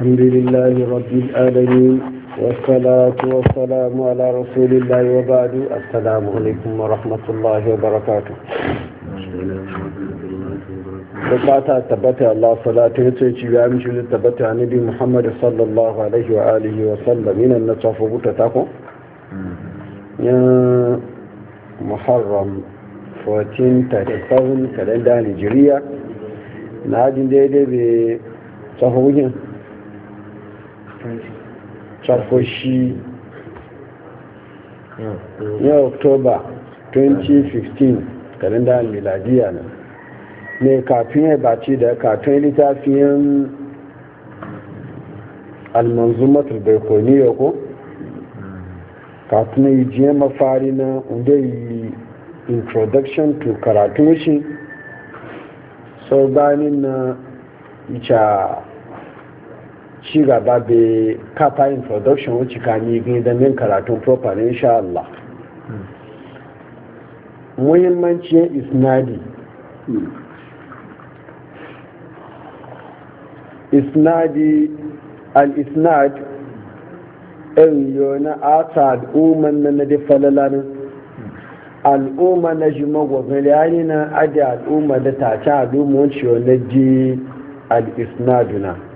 الحمد لله رب العالمين والصلاة والسلام على رسول الله وبعد السلام عليكم ورحمة الله وبركاته bukata tabbata Allah salatu ya ce ci ya mishi da tabbata annabi Muhammad sallallahu alaihi wa alihi wa sallam ina na tsafa buta tako ya Muharram 1437 kalenda Nigeria tsafoshi na oktoba 2015 da miladiya na ne kafin ya baci da katon littafiyan almanzumatar baikoniya ko kafin yi jiye mafari na yi introduction to karatun shi sau na ita ci gaba bai kafa introduction wuce kami min karatun proper insha Allah muhimmancin isnadi isnadi al-isnad ɗanyo na ata al'umman na na falalanin al'umma na jima gwagwale yani na adi al'umma da tace al'umma wacce na ji al-isnaduna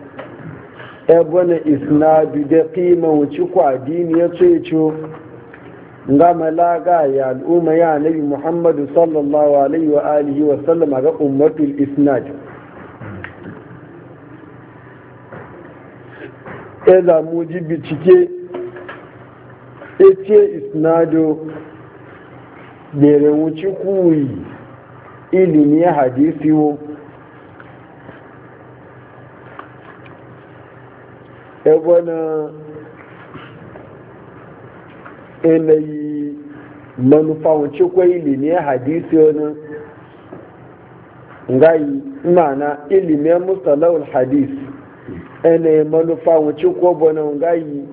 ebona isnadu da kima wuce kwa dini ya ce ce ga malaga ya al'umma ya nabi muhammadu sallallahu alaihi wa alihi wa sallama ga ummatul isnad ya zamu ji bincike ya ce isnadu da wuce kuyi ilimin hadisi wo ebona enayi manufa wance kwa ilimi hadisi wani ngayi mana ilimin mustalahul hadis enayi manufa wance ọnụ bana ngayi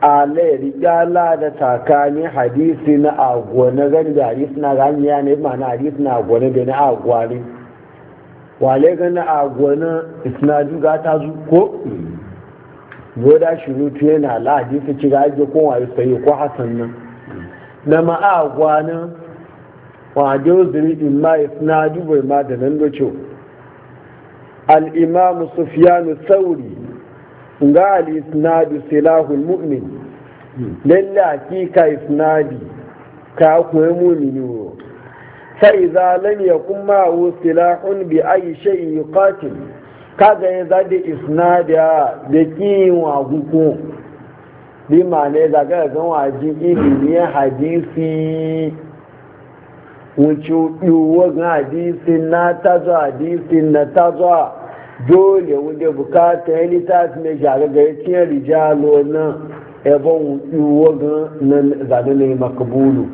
alayri gala da takani hadisi na agwo na gani da hadisi na gani ya ne mana hadisi na agwo na gani agwa ne wale gani agwa na isnadu ga ta ko goda shirutu yana lahadi su ci ga ajiye ko wa ko hasan nan na ma'agwa nan wa jozuri in ma isna dubai ma da nan doce al'imamu sufiyanu sauri ga al isnad silahul mu'min lalla hakika isnadi ka koyi mu'mini fa idza lam yakun ma'u silahun bi ayi shay'in yuqatil kaga ya za da isnadiya da kiwa huku bi ma ne za ga ga waji ilimi hadisi wuce ɗuwa ga hadisi na zo hadisi na zo dole wunde bukata ya littafi mai shaga ga ya rijalo na ebon ɗuwa ga na zane na yi makabulu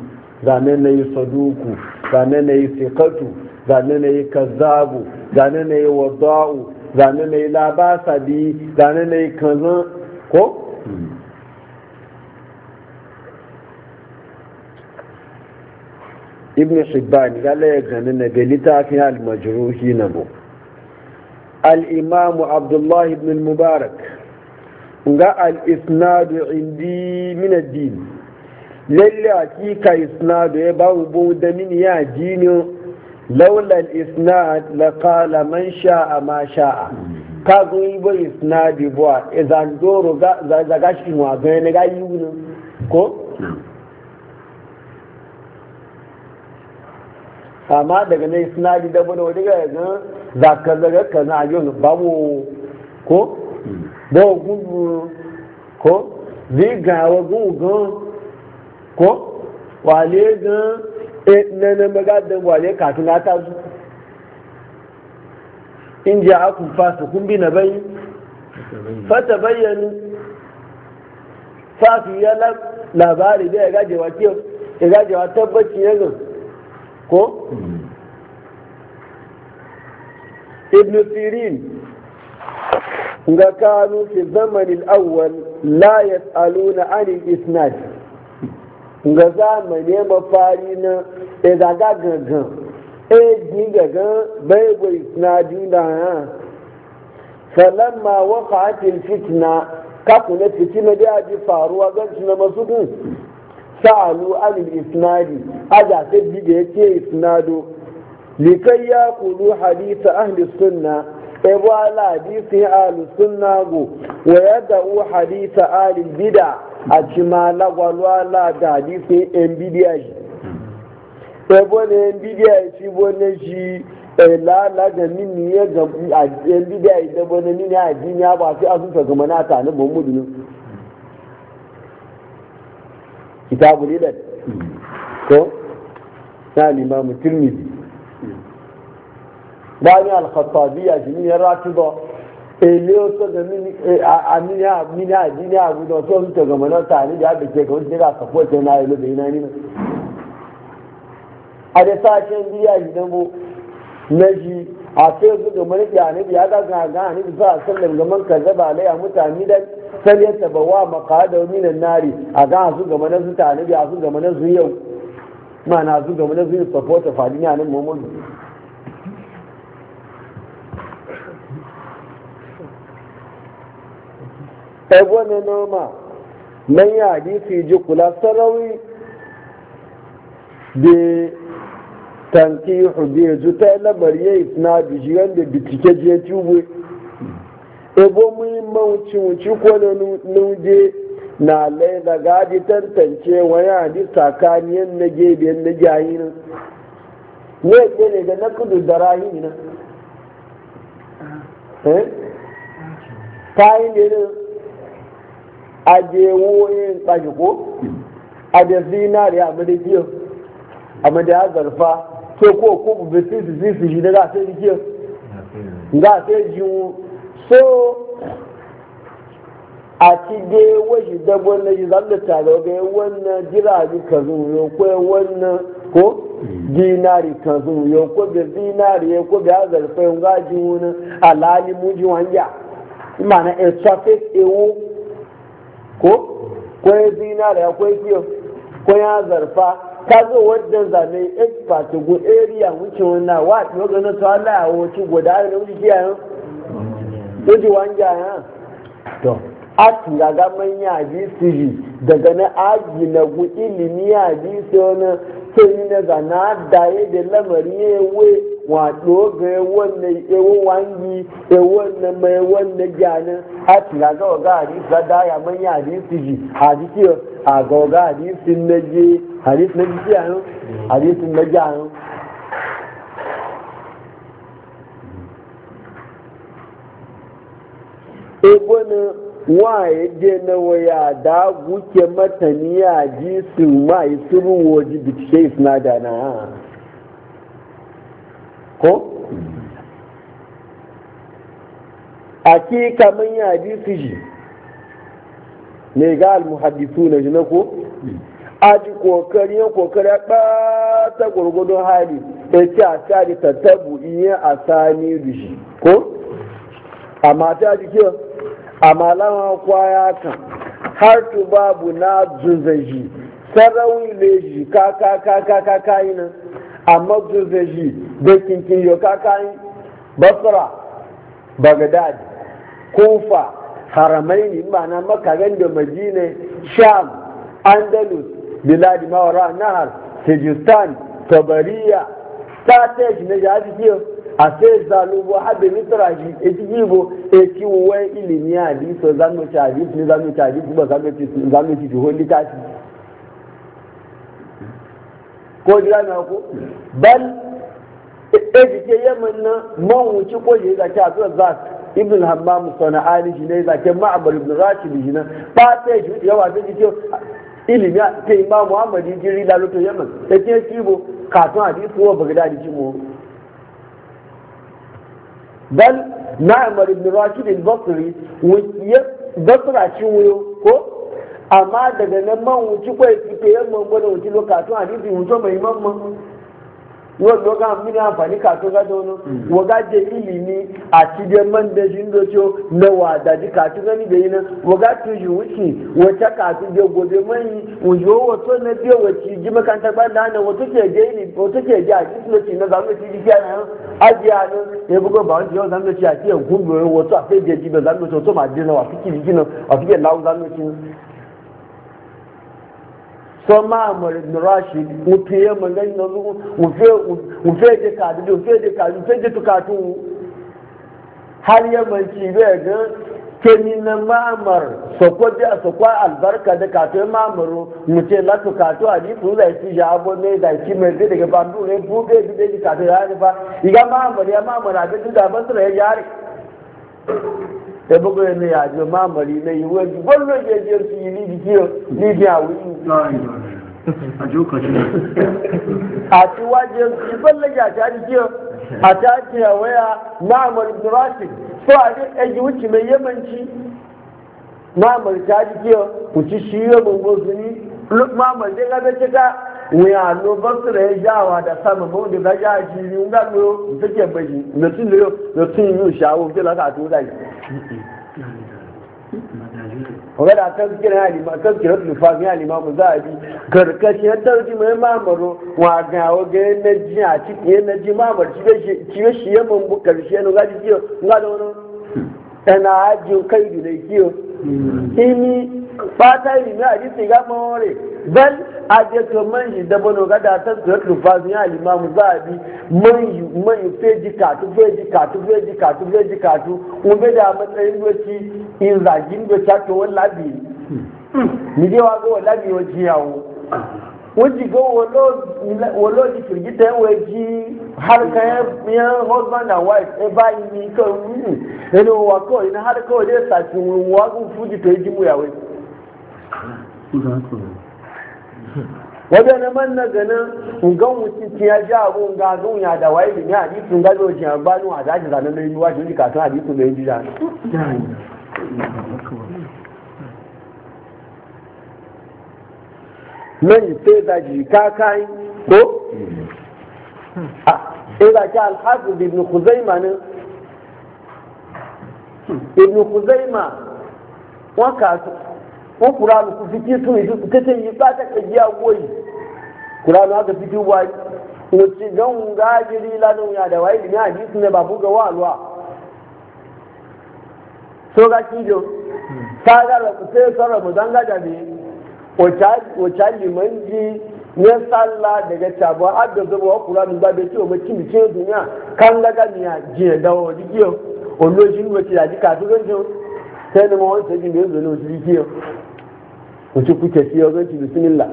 zane na yi saduku zane na yi sikatu zane na yi kazabu zane na yi wada'u zane mai labasa bi zane mai kanzan ko ibn shibban ya ya gani na ga littafin al-majruhi na bu al-imam abdullah ibn mubarak ga al-isnadu indi min ad-din lalle hakika isnadu ya e babu bu da min ya dinin لولا الاسناد لقال من شاء man شاء ma sha'a ka zo اذا bo isnadi مو za ko amma daga ne isnadi da bane wani ga za ka zaga ka babu ko ba ko wa ko wale e eh, nana da wale kafin na ta zu in a akun fasa kun bi na bayi fata bayyana fasu ya labari da ya gajewa kiyo ya gajewa tabbaci ya zo ko ibn sirin ga kanu fi zamanin awwal la yas'aluna anil isnad ga nema fari na e ga gangan e ji gangan bai bai na juna ha waqa'at al fitna kaku na fitina da ji faruwa gan na masu kun sa'alu al isnadi aja ta da yake isnado likai ya kulu hadisa ahli sunna e wala hadisi ahli sunna go wa yada'u hadisa ahli bid'a a ci ma lagwalwa la da hadisi nbda shi ebo ne nbda shi bo ne shi ela, la ga mini ya ga nbda shi da bo ne mini addini ya ba sai asusa ga mana ta ne muhammadu ne kitabu lidat ko na limamu tirmidhi Bani al-khattabi ya jini ya ratiba ele oto da eh, mini a mini a jini a gudu to n ta gama nọta ni da abu ke kawai jira support na ilu da ina nina a da sashen biya gidan mu na ji a sai yanzu ga mulki annabi ya ga ga annabi sa sallam ga man kazzaba alaiya mutane da sai ah, ya taba wa maqada minan um, nari a ga su ga manan su ta annabi a su ga manan su yau ma na su ga manan su support fa duniya nan muhammadu ebo ne noma nan ya fi ji kula sarawi da tanki hudu ya zuta lamari ya isna da shi yadda bitike je tube ebo muhimman wuce-wuce ko na nuje na lai da gaji tantance wani hadis tsakaniyar na gebe na jayi nan ne ke ga na kudu da rahi ah. ta eh? yi ne aje woyin tsaki ko da zinari a madakiyar a madaya zarfa to ko ko bu bisi su zi su shi da za sai rikiyar za sai jiwo so a ci dai washi dabon na yi zan da tare ga wannan jirage ka zuwa ko wannan ko dinari ka zo yo ko be dinari yo ko be zarfa fe ga ji wona alali mu ji wanja imana na traffic e ko kwaya zinariya kwaya kiyo ya zarfa ta zo wadda zane in fatigu area wuce wannan wa ta yau ganin Allah ya wuce guda da wuce kiyayen wuce ya to Ati tura ga manya ji daga na aji na gu ilimi ya ji sai na zana da ya da lamari ya yawe wato ga yawan na yawon wangi yawan na mai wannan gyanin a tura ga waga hadisi ga daya manya ji su ji hadisi a ga waga hadisi na je hadisi na gyanin hadisi na gyanin ebo na wa je na waya da guke mataniya ji su ma yi suru waje bitike isnada na ko a ke kamar ya ji su ji ne ga almuhaddisu na jina ko a ji kokari ya kokari ya ta gwargwadon hali ya ce a sa da tattabu iya a sani dushi ko amma ta ji kiyar Amalama lawan kwaya kan har tu babu na zuzaji sarawi leji ka ka ka ka nan amma zuzaji da kinkin yau ka basra bagdad kufa haramai ne na makaran da madina sham andalus biladi mawara nahar sejistan tabariya ta ta yi na ya ase zalubo habe mitraji etijibo ekiwe ilimi hadiso zanu cha hadiso ni zanu cha hadiso ba zanu ti zanu ti holi kati ko jira na ko bal ejike yemen na mawun ci ko je ga cha so zat ibn hammam sana'ani shi ne zake ma'bal ibn rashid shi na ba ta ji yawa ta ji ilimi ta imam muhammad jiri da lutu yemen ta ce kibo katon hadisi wa bagdadi ci mu bal na'amar ibn rashid al-basri wuce basra shi wuyo ko amma daga nan man wuce kwai fito yamman gwada wuce lokacin hadisi wuce mai mamman wọ́n lọ ká mí ní àǹfààní kàtó gádọ́ ọ̀nà mm. wọ́n gájẹ ìlì ní àtijọ́ mọ́ndẹ́sí ńlọ́tọ́ lọ́wọ́ àdájí kàtó gẹ́ni bẹ́yìn náà wọ́n gá tu yìí sì wọ́n tẹ́ kàtó jẹ gbòdè mọ́yìn òyìnbó wọ́n tó lẹ́ bí wọ́n ti jí mẹ́kàntà gbádà náà wọ́n tó tẹ̀ jẹ́ àti ńlọ́tì náà gbàgbé so ma'amar ibn rashid mutu ya magani na zuwa mufe je kadu mufe je kadu mufe je tukatu har yamanci bai ga kemi na ma'amar sokwa je a sokwa albarka da katu ya na mutu la tukatu a jifu da shi ya abu ne da shi mai zai daga bandu ne buɗe buɗe ji katu ya rufa iga ma'amar ya ma'amar a ga duk da sai bugu ne ya ji mamari na yi wani gwamnan jejiyar su yi ni jikiyar ni biya wuri a ti wajen su balle ya ta jikiyar a ta ce waya ma'amar durasi so a duk ɗan yi wuce mai yamanci ma'amar ta jikiyar ku ci shi yamin gosu ni ma'amar dai ga bai cika wuya no ya da sama ba wanda za ya ji ni nga no na tun da na tun shawo ke la ka to dai wanda da kan na ali ma kan kira tu fa ya ali ma mu za bi karkashi ya mamaro wa ga ji a na ji shi ya bu shi no ga ji ẹ̀nà àjò ká ìdù lè kí o ìní pátá ìrìnà àdìsí gámọ́ rẹ̀ bẹ́ẹ̀ àjẹsọ mẹ́yìn dẹ́bọ̀nà ọ̀gádà àtẹ́sọ̀ ẹ̀kùnfà ní àlìmáàmù báàbí mẹ́yìn mẹ́yìn fèjì kàtú fèjì kàtú fèjì kàtú fèjì kàtú wọn bẹ́ẹ̀ dà mẹ́tẹ́yìn lọ́tí ìrìnàjì ń lọ́tí àtọwọ́ lábì hmm. nídìí wàá gbọ́ lábì ọjì àwọn. go wolo di firgita waji har kayan yan husband and wife e ba yi ni kan wuni na har kawai dai sati wurin wagun iji to yi jimu yawai wajen na ganin abu nga zun ya da waye ni hadisun gado ji a gbanu a daji zanen na yi wajen ji kasan hadisun da yi ji zanen man sai da jika kai ko a ila ka al-hafiz ibn khuzaimah ne ibn khuzaimah wa ka ko qur'an ku fiki sun yi kace yi ba ta kajiya goyi qur'an haka fiki wa ko ci gan gajiri lanu ya da wai ni hadisi ne ba buga wa walwa so ga kijo ta ga ku sai sarrafa dan da ne wacce liman ji ne sallah daga cabuwa abin zama wa da ba ce cewa mace mace duniya kan laga ni a jiya dawa wani kiyo wani shi wace da jika su zan jin sai ne ma wani sai jin da yanzu ne wasu wace kuke siya zan ci bismillah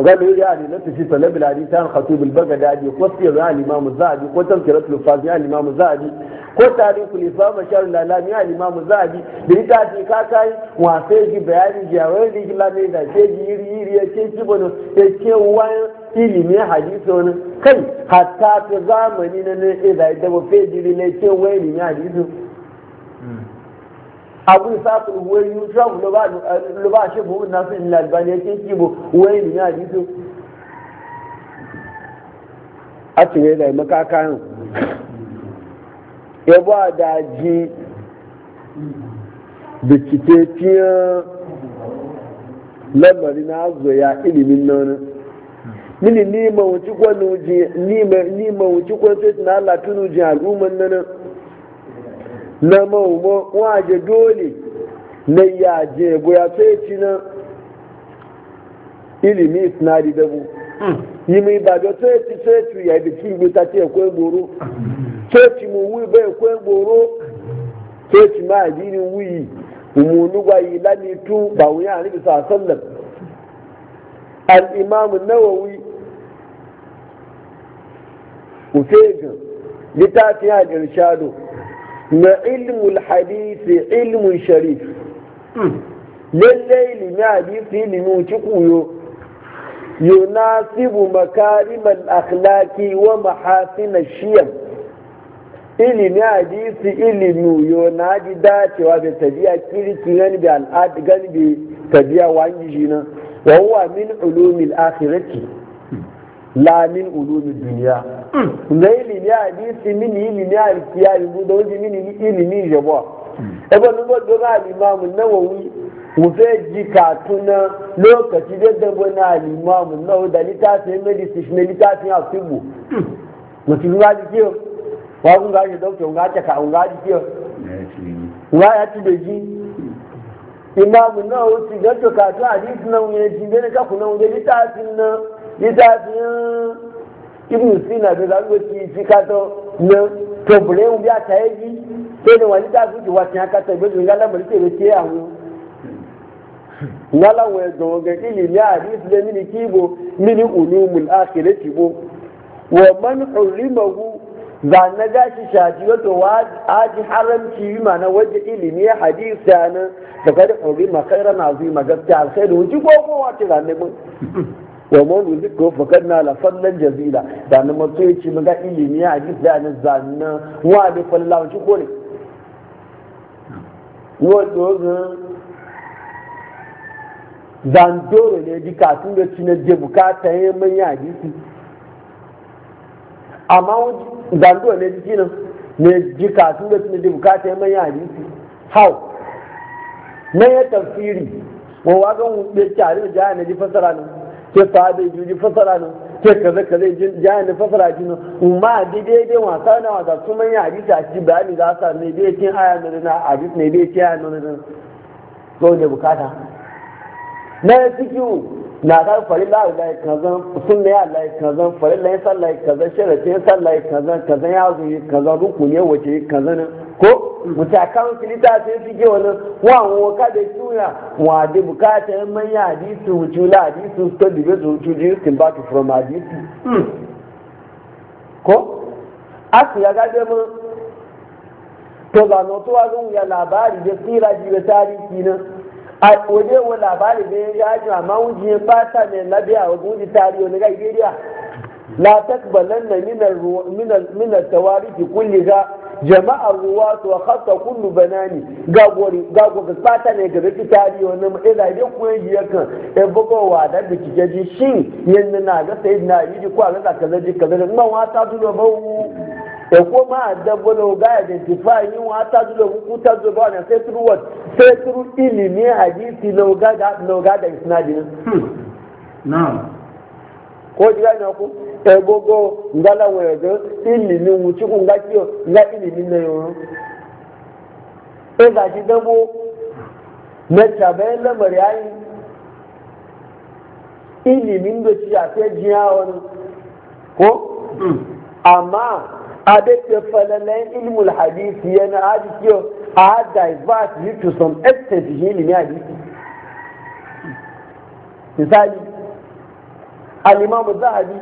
وقال يقول يعني نفس في طلب الحديث عن خطيب البغدادي وصي عن الامام الذهبي وتذكره الفاضي عن الامام الذهبي ko tarihu lissafi bashar lalami a limamu zabi da ita ce ka kai wasa ji bayani jawar da islami da ce ji yiri yiri ya ce ci bano ya ce wani ilimi hadisi wani kai hatta ta zamani na ne ya zai dabo fejiri ne ce wani ilimi hadisi abu isafin huwai yusuf lubashin na nasu ilmi albani ya ce ci bo wani ilimi hadisi a cikin da makakayan ya ba da ji bincike fiye lamari na ya ilimin nan mini ni ma wuci kwanu ji ni ma ni ma wuci kwanu sai na Allah tunu ji al'umman nan na ma umo waje dole na ya je goya sai ci na ilimi isnadi dabu hmm. yi mai ba da sai ci sai ci ya bi ci ta ce akwai boro church mu wi be kwe gboro church ma adini wi umunu gwa ilani tu ba wi ani bi sallam al imam an-nawawi ufega litati ya irshadu na ilmul hadisi ilmun sharif lallai ilimi hadisi ilimi ci kuyo yunasibu makarimal akhlaqi wa mahasin shiyam ilimi hadisi ilimi yo na ji dacewa bai tabiya kirki gani bi al'ad gani bi tabiya wani shi nan wa huwa min ulumil akhirati la min ulumid dunya na ilimi hadisi min ilimi alkiya yubu da wani min ilimi jabo ebe nubo doga alimamu nawawi wufe ji katuna lokaci da dabo na alimamu nawawi da littafin medicine na littafin asibu mutum ya ji kiyo wa kun gaji dauke kun gaji ka kun gaji kiyo wa ya ci da ji imamu na o ti gato ka to hadisi na wani ji bene ka kuna wani litafin na litafin ibn sina da zango ti fi ka to na to bure un biya ta yi sai ne wani litafin ki wata ka ta bezu ngala bari te te awu ngala we do ga ilimi hadisi da mini kibo mini ulumul akhirati bo wa man hurimahu za na gashi shaji wato aji haramci yi mana wajen ilimi ya hadisi ya nan da kada ɗauri makaira na zuwa magabta alkhairu wuji ko kowa ce za ne mun wa mun wuzi ko fakar na la fallan jazila da na mato ya ce maga ilimi ya hadisi ya nan za na wa da falla wuji ko ne wato ga dole ne dika tun da cinar je bukata ya manya hadisi amma zanduwa ne jiki nan ne ji kasu da suna da bukata ya manya hadisi how na ya tafsiri wa wagan da tare da jihar na ji fasara nan ke sahabai ji ji fasara nan ke kaza kaza jihar na fasara ji nan umma da daidai wasa na wasa su manya hadisi a ci bayani za sa ne bai cin aya na rana hadisi ne bai cin aya na rana zo ne bukata na ya cikin na ga farilla Allah kazan sunna ya Allah kazan farilla ya sallai kazan sharati ya sallah kazan kazan ya zuyi kazan rukuni ya wace kazan ko mutakan kilita sai su wannan wani wo ka da tuya wa da bukata man ya hadisi wujula hadisi to da zuju kin back from hadisi hmm. ko asu ya ga da mun to ga no to wa ya labari da siraji da tarihi nan a waje wa labari ne ya ji amma wujin fata ne na labiya wa guji tariyo na Nigeria la takbalanna min al-tawariki kulliha jama'a ruwa wa khatta kullu banani gagori gago ga fata ne ga biki tariyo na ila ne ku yi yakan e eh, bugowa da biki ji shin yanna na ga sayyidina yi ko ga kaza ji kaza ma wa ta dubo bawu ko ma a dabbalo ga identify yin wa ta zuwa ku ta zuwa ba na sai through what sai through ilimi hadisi lauga da lauga da isnadi nan na'am ko ji ga ku e gogo ngala wa ga ilimi mu ci kun ga kiyo ga ilimi ne yo e ga ji dabo na tabe lamar yayi ilimin da ci a sai jiya wani ko amma adete falalen ilmul hadith yana aji kiyo a divert you to some extent alima ilimin hadisi misali alimamu zahabi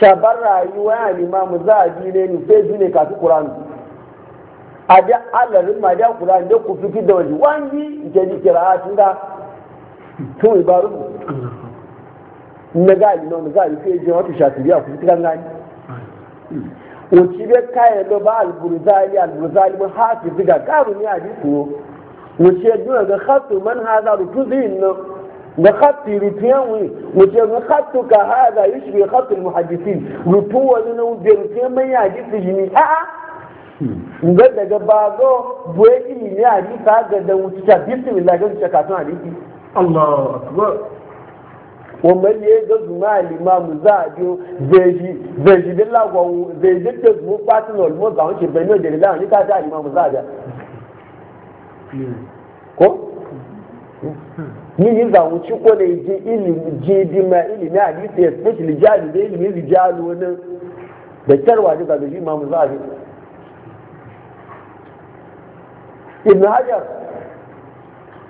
shabar rayuwa alimamu zahabi ne nufe su ne kafin kuranu a da alarin ma da kuranu da ku fiti da wani wangi ke ji kira tun da tun ibaru na ga alimamu zahabi sai jin wata shafi ku wòtí bẹ káyẹ lọ bá alùbùrùzáyé alùbùrùzáyé mọ ha ti fi gàgà rò ní àdìsí o wòtí ẹdùn ẹgbẹ xatu mẹni ha zà rùtú sí iná nga xatu rùtú yẹn wòye wòtí ẹgbẹ xatu ka ha zà yìí ṣubú xatu mu hadisi rùtú wọn nínú bẹ rùtú yẹn mẹyìn àdìsí yìí ni ha nga daga baago bóyá yìí ní àdìsí àgàdà wòtí ta bisimilahi ló ń ṣe kàtún àdìsí. allah akbar. wa man ya ga zuma limamu za a zai ji dilla zai ji ta zuwa fatin olmo ga wanke bai ne da lila ne ta ko yin za mu ci ko ji ilimi ji bi ma ilimi a ji sai especially jali da ilimi rijalu wani da kyarwa da ga ji imamu hajar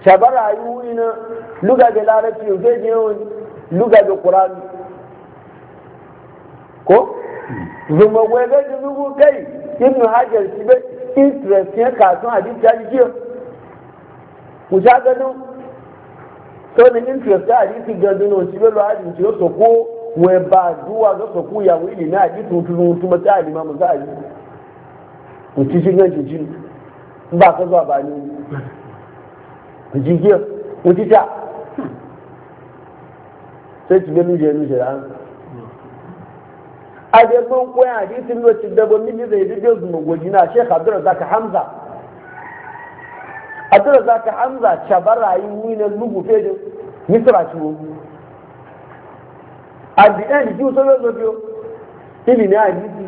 shabara yi wuri zai lugha da qur'ani ko zuma wega da zugu kai ibn hajar shi be interest ya kasu hadisi ya ji kiyo ku sha gano to ne interest ya hadisi ga dano shi be lo hadisi yo so ko we ba duwa ga so ku ya wili na hadisi tutu tutu mata alimamu za a yi ku ci shi ganci shi ba ka zuwa ba ni ku ji ku ci ta sai ki ga mije mije da an a da mun koya hadisin da ci da ban mije zai dige su mu gojina Sheikh Abdul Razak Hamza Abdul Razak Hamza chabarayi ni na lugu fejo misra ciwo at the end ki so lo biyo ili ne hadisi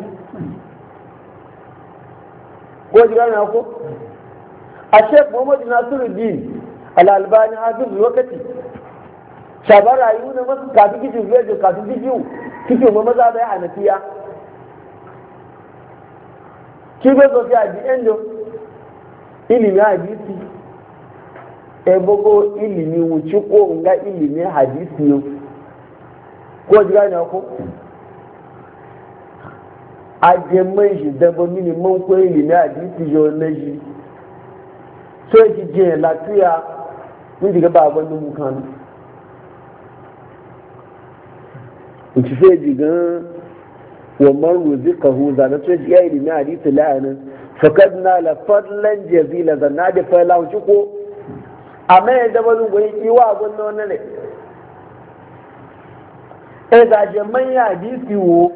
ko jira na ko a Sheikh Muhammad Nasiruddin Al-Albani hafiz lokaci shagar rayu na masu kafin kishin fejo kafin kishiyu kishin ma maza bai a nafiya ki bai zo fi aji enjo ilimi hadisi ebogo ilimi wuci ko nga ilimi hadisi yau ko jira ne ko aje shi dabo mini man ko ilimi hadisi yau na shi so ki je latuya mun diga ba nci sai jigan wannan ruzikahu zanen tun ya yi limi hadisi la'anin fakad na la fadlan jazila zanna da fayla wuce ko a mai da wani gwai kiwa a gwanna wani ne e da je manya hadisi wo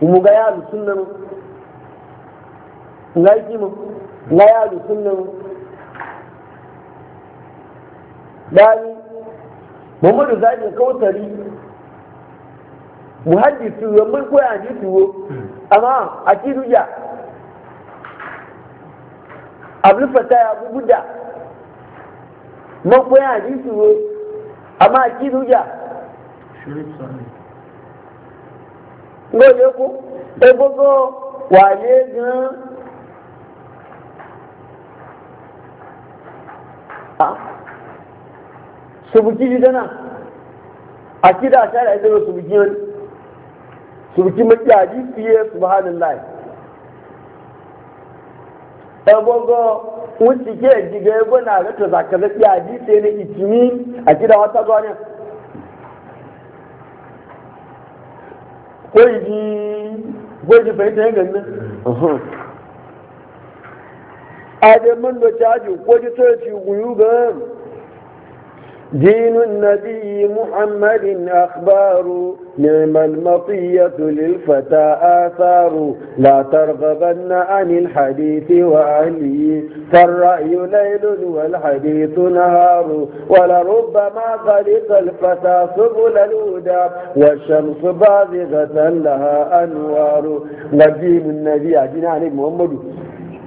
mu ga ya sunan ngai mu? na ya sunan dani mudu zaɓin kawtari muhaddisi wo mun koya hadisi wo amma akidu ja abdul ya abu buda mun koya hadisi wo amma akidu ja ngo le ko e bogo wale gan ah subuki dana akida ta da ido subuki wani turki maki hadisi ya subhanallah ebogo wuce ke diga ego na rata zaka zaki hadisi na itini a gida wata gwani gwaji gwaji fahimta yin ganin a da man da caji gwaji sai ci guyu gan دين النبي محمد أخبار نعم المطية للفتى آثار لا ترغبن عن الحديث وأهله فالرأي ليل والحديث نهار ولربما خلق الفتى سبل الهدى والشمس باذغة لها أنوار ودين النبي أجنان محمد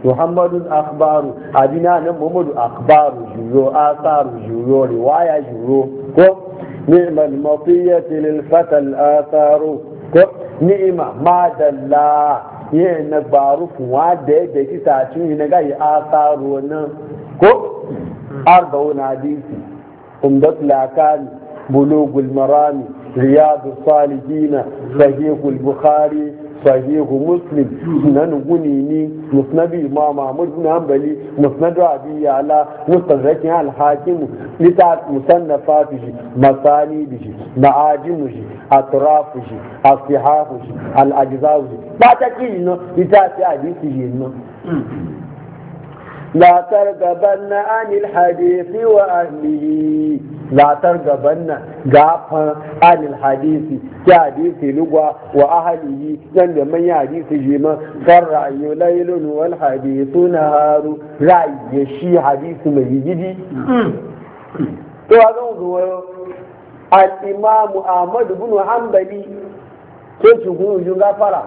muhammadun akbaru abina nan muhammadu akbaru juro asaru juro riwaya juro ko ni'mal mafiyati lil fatal asaru ko ni'ima madalla yin na baru fuwa da ya da kisa cin yi na gayi asaru nan ko arba'un hadisi umdat lakani bulugul marami riyadu salihina sahihul bukhari sahihu muslim sunan gunini musnad imam mahmud bin hanbali musnad abi ya'la mustadrak al hakim litat musannafatihi masanidihi ma'ajimuhi atrafuhi asihahuhi al ajzauhi ba ta kino litat hadisihi no لا ترغبن عن الحديث وأهله latar gaban nan gafan alil hadisi ki hadisi lugwa wa ahalihi nan da manya hadisi shi man kan rayu lailun wal hadisu na haru rayu shi hadisi mai gidi to a zan zuwa al-imamu ahmad bin hanbali ke shi gafara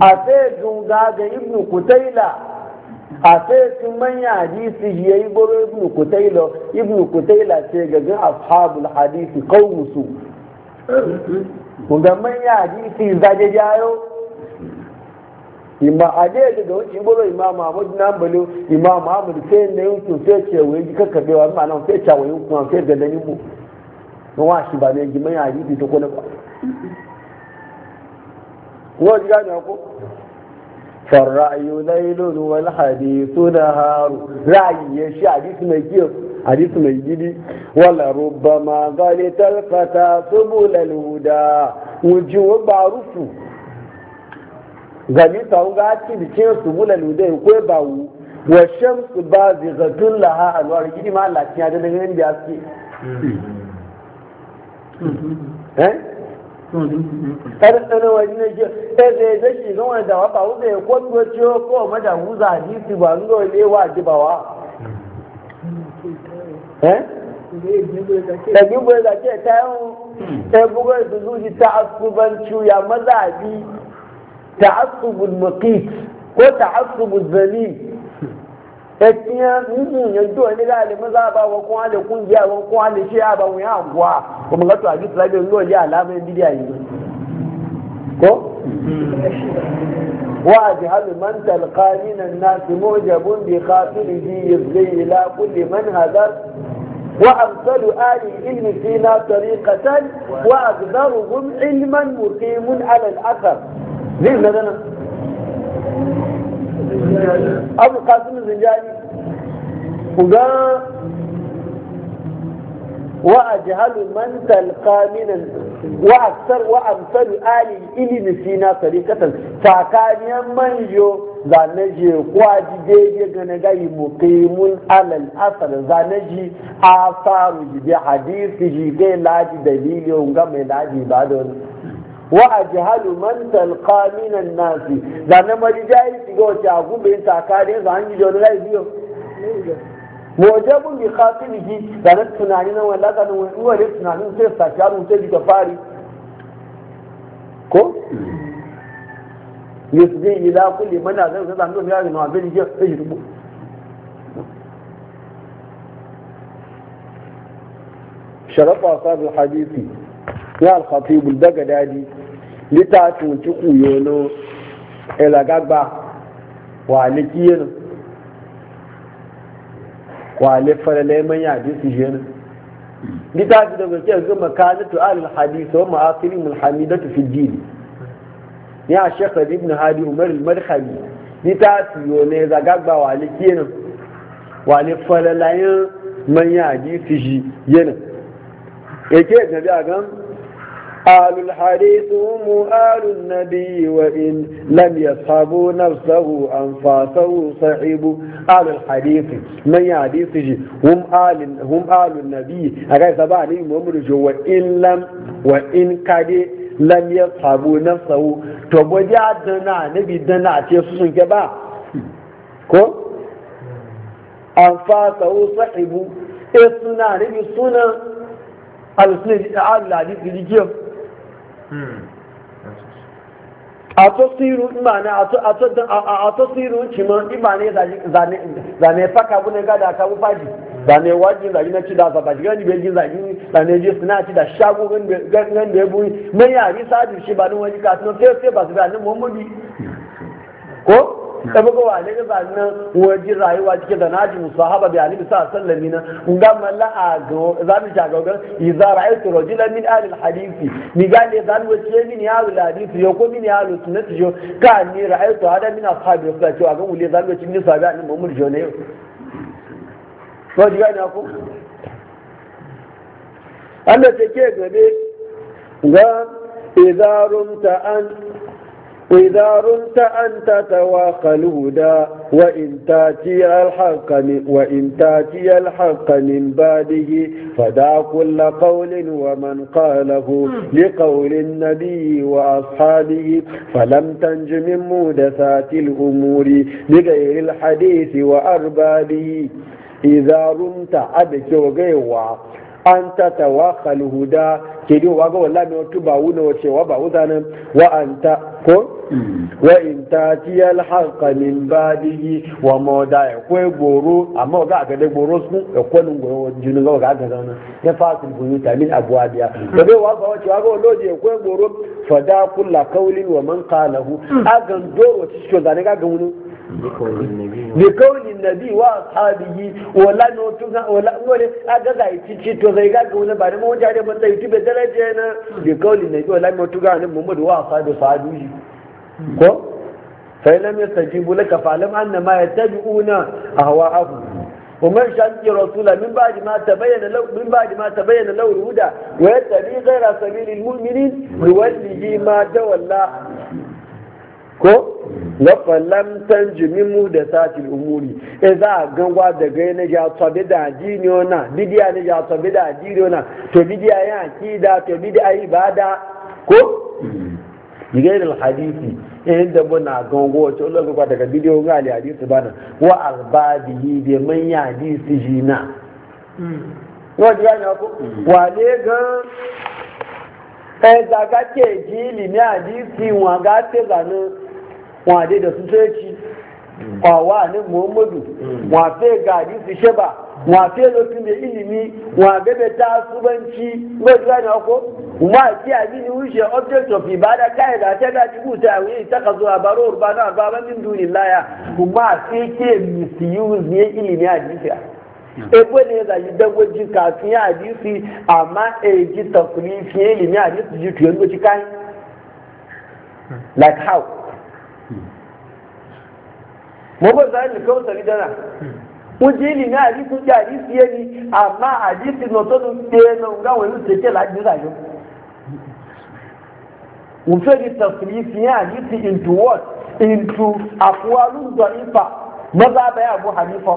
a sai junga ga ibnu kutaila a sai sun manya hadisi ya yi boro ibn kutaila ibn kutaila ce gagin ashabul hadisi kawusu musu ga manyan hadisi zaje jayo imma a dai daga wani boro imam mahmud na balo imam mahmud sai na yanku sai ce wai ji kakkabewa ma nan sai ce wai kuma sai ga dani mu wa shi ba ne ji manya hadisi ta kula ba ko ji ko فالرأي ليل والحديث نهار رأي يشي حديث مكيو حديث مجدي ولربما غلط الفتى سبل الهدى وجوه معروف غلط أوغاتي بكين سبل الهدى يقوي باو والشمس بازغة لها أنوار جدي ما لكن هذا نغنين بياسكي ها ɗanɗanin wajen na jiya ɗaya zai zai shi zan wani dawa ba wuka ya kwato ciwo ko mada huza a jisi ba zuwa lewa jibawa ɗabi bai zake ta yi ta yi bugar su zuci ta asubanci ya mazaɓi ta asubun makit ko ta asubun zalim ekiya mun yanzu wani galibin za a ba wa kuma da kungiya wa kuma da shi a ba mu ya anguwa kuma ga to a ji tsabe ngo ji alamai bidiya yi ko wa ajhalu man talqa min an-nas mujabun bi khatirihi yuzli ila kulli man hadar wa amsalu ali ilmi fina tariqatan wa akdaruhum ilman muqimun ala al-athar zai abu kasim zinjani ga wa ajhalu man talqa min wa aksar wa amsal ali ilmi fina tariqatan takaniyan manjo zanaje kwaji daidai ga na gayi muqimun alal asar ji asaru bi hadisi ji ga laji dalili ga mai laji ba da wa ajhalu man talqa minan nas da na mari jayi shiga wace a gumbe ta kare su an ji jona lai biyo mujabun bi khatibihi da na tunani na wala ga nan wani tunani sai sa sharu sai diga fari ko yusbi ila ya أصحاب الحديث يا الخطيب البغدادي littafin ciku yono ilagagba wale kiyin wale farale manya bi su je nan littafi da gaske yanzu makalatu al-hadisa wa ma'asirin mulhamidatu fi jini ya shekar ibn hadi umar al-madkhali littafi yono zagagba wale kiyin wale faralayen manya bi su je nan yake gabi a آل الحديث هم آل النبي وإن لم يصحبوا نفسه أنفاسه صحبوا آل الحديث من يحديثه هم آل هم آل النبي أكاي سبع عليهم ومرجو وإن لم وإن كاد لم يصحبوا نفسه تبدي عدنا نبي دنا تيسوسن كبا كو أنفاسه صحبوا إصنا نبي سنة الحديث الجيف a tsosiru imana a tsosiru cimon imane zane faka bu ne gada ka bu zane wajin zagi na cida zaba ji gani bai zagi zane ji suna ci da shago gan da ya buyi mai shi ba nun waje kasu na fefe ba su bi a nan muhammadi ko ta buga wa ne ga zanen waje rayuwa cike da naji musahaba bi alibi sa sallami na ga malla a ga zamu ja ga gar iza ra'aytu rajulan min ahli alhadisi ni ga ne zan wace min ya ahli alhadisi yo ko min ya ahli sunnati yo ka ni ra'aytu hada min ashabi ka cewa ga wule zan wace min sahabi annabi mu murjo ne yo ko ji ga ni ko Allah take gabe ga idarun ta an إذا رمت أن تتواقى الهدى وإن تاتي الحق وإن تاتي الحق من بعده فدع كل قول ومن قاله لقول النبي وأصحابه فلم تنج من مودثات الأمور بغير الحديث وأربابه إذا رمت أبك وغيوا an ta tawakhal huda ke dai waga wallahi mai wato ba wuna wace wa ba wuzanan wa anta ko wa in tatiya alhaqa min badihi wa da ya ko goro amma ga ga da goro su da kwanin goro jinin ga ga ga zana ya fasil buyuta min abwadiya to wa waga wace waga ya ko goro fada kullu qawlin wa man qalahu agan doro wace shi zane ga ga wani لقول النبي واصحابه ولا نوتنا ولا ولا اغا يتشي تو كونه غا غو با نمو جاري بس يتي بدل جينا لقول النبي ولا نوتنا غا محمد واصحابه صحابه كو فلم يستجيبوا لك فعلم ان ما يتبعون اهواءهم ومن شان رسول من بعد ما تبين له من بعد ما تبين له الهدى ويتبع غير سبيل المؤمنين يوله ما تولى ko na falamtan jimimu da sati umuri e za a gangwa gai e na ya tabi da jiniona bidiya ne ya tabi da jiniona to bidiya ya da to bidiya da. ko diga da hadisi da muna gango wacce. wani da daga bidiyo ga ali hadisi bana wa albadi yi man ya hadisi jina hmm. hmm. wa diga ne ko wale ga e zaka ke jili ne hadisi wa ga te wọn àdé da su sẹ́ẹ̀kì wọn muhammadu wọn àfẹ́ gàdí sí ṣẹ́bà wọn àfẹ́ lókun ní ìlìmí wọn àbẹ́bẹ̀ tá a súnmọ́ǹtì gbẹ́dúrà ní ọkọ wọn àti àbí ni wíṣẹ na of ìbáda káyọ̀dá tẹ́lá ti kú tẹ àwọn ìtàkàzọ àbárò òrùba náà bá bá nínú ìláyà wọn àfẹ́ kí èmi sì yíwù ní ìlìmí àdìsíà ebo ne da e yi ji kafin ya hadisi amma e ji tafsiri ilimi ji tuyo like how mọ́gbọ́n sáré nìkan ó sọ̀rí dára ó jẹ́ ìlì ní àdìsí jẹ́ aji yé ni àmọ́ àdìsí náà tó ń ṣe é náà ngáwọn ìlú tètè lágbèrè àjọ. wọ́n fẹ́ di tẹ̀sílì fi hàn àdìsí into what into àfọwálùdọ̀ ìfà mọ́tò abẹ́yàwó hànífọ́.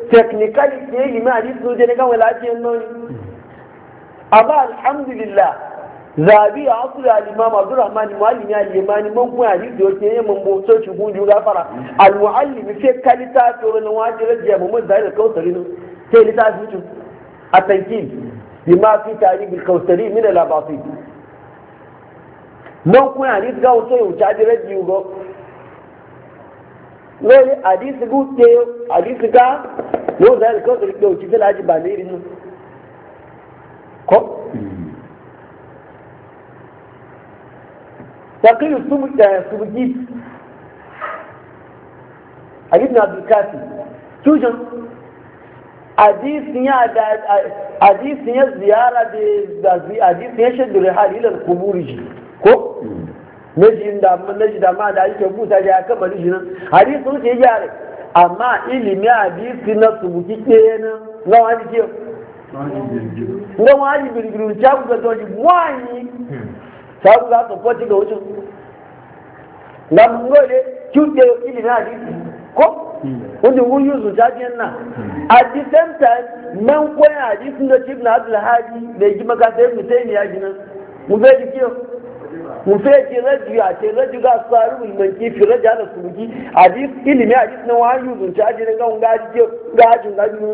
technically ne yi ma hadisi soje ne kawai lafiyar nan amma alhamdulillah zabi a asu da alimama abdurrahman muallim ya alimani man yi hadisi yake yin mun bo so shi gunju gafara almuallim sai kalita to ne waje rajiya mu mun zai da kausari ne sai lita su ci a tanki tankin bima fi tarikh al-kausari min al-abasid man kun hadisi ga wato yau ta rajiya go wani hadisi gute hadisi ga yóò zá ẹ̀rì kọ́sìrì ba òjì fẹ́lá jì bà ní ìrìnnú kọ́ ji subuki hadith na abdulkasi tujan hadith ya ziyara da hadith ya shaddu rihal kuburi ji ko na ji da ma da ake busa ya kama rijinan hadith sun ce yare amma ilimi hadisi na subuki ɗaya na na wani ke na wani birgiru ta kuka wani ta kuka ga wucin na kyuɗe ilimi hadisi ko biyan a same time man hadisi na da yi makasai ya gina mu bai mu fe ki raju ce raju ga saru mun ki fi raja da suki ji ilimi a hadis na wayu zun ta ajin ga ga ga ajin ga mu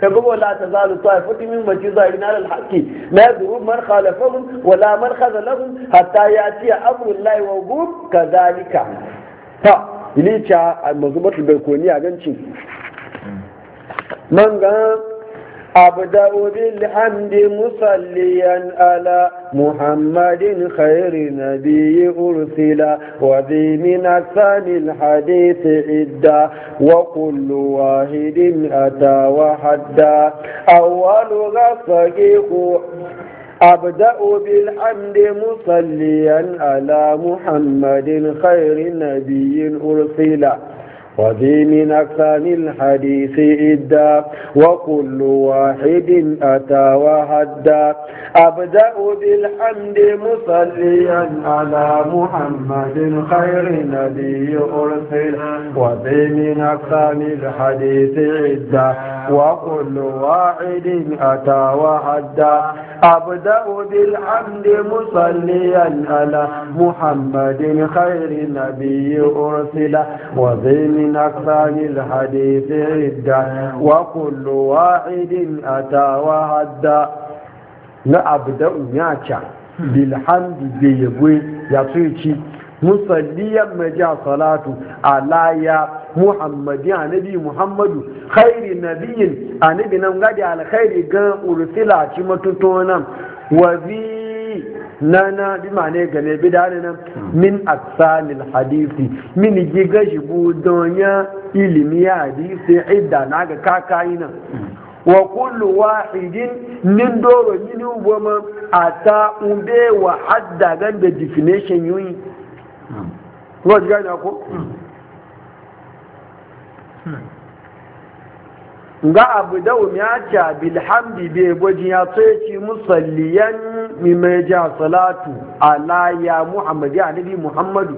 ta bugo la ta zalu ta fati min yi zahirina al na la zuru man khalafahum wa la man khazalahum hatta yati amru llahi wa ilicha man أبدأ بالحمد مصليا على محمد خير نبي أرسل وذي من أحسن الحديث عدا وكل واحد أتى وحدا أول الصديق أبدأ بالحمد مصليا على محمد خير نبي أرسل وذي من أكثر الحديث إدا وكل واحد أتى وهدا أبدأ بالحمد مصليا على محمد خير نبي أرسل وذي من أكثر الحديث إدا وكل واحد أتى وهدا أبدأ بالحمد مصليا على محمد خير نبي أرسل وذي من من أكثر الحديث عدة وكل واحد أتى وعدى ya ناكا بالحمد بيبوي يطيشي musalliyan maja salatu alaya muhammadi anabi muhammadu khairi nabiyin anabi nan gadi alkhairi ga ursila ci matutonan wazi na na bi ma ne gane bi da nan min asalil hadisi min giga shi budonya ilimi ya hadisi idda na ga kakayi nan wa kullu wahidin min doro ubo ma ata umbe wa hadda ga da definition yuyi ko ji hmm. ko hmm. ga abu da ce bilhamdi bai gwajin ya tsaye ci musalliyan mimaja salatu a laya muhammadu ya nabi muhammadu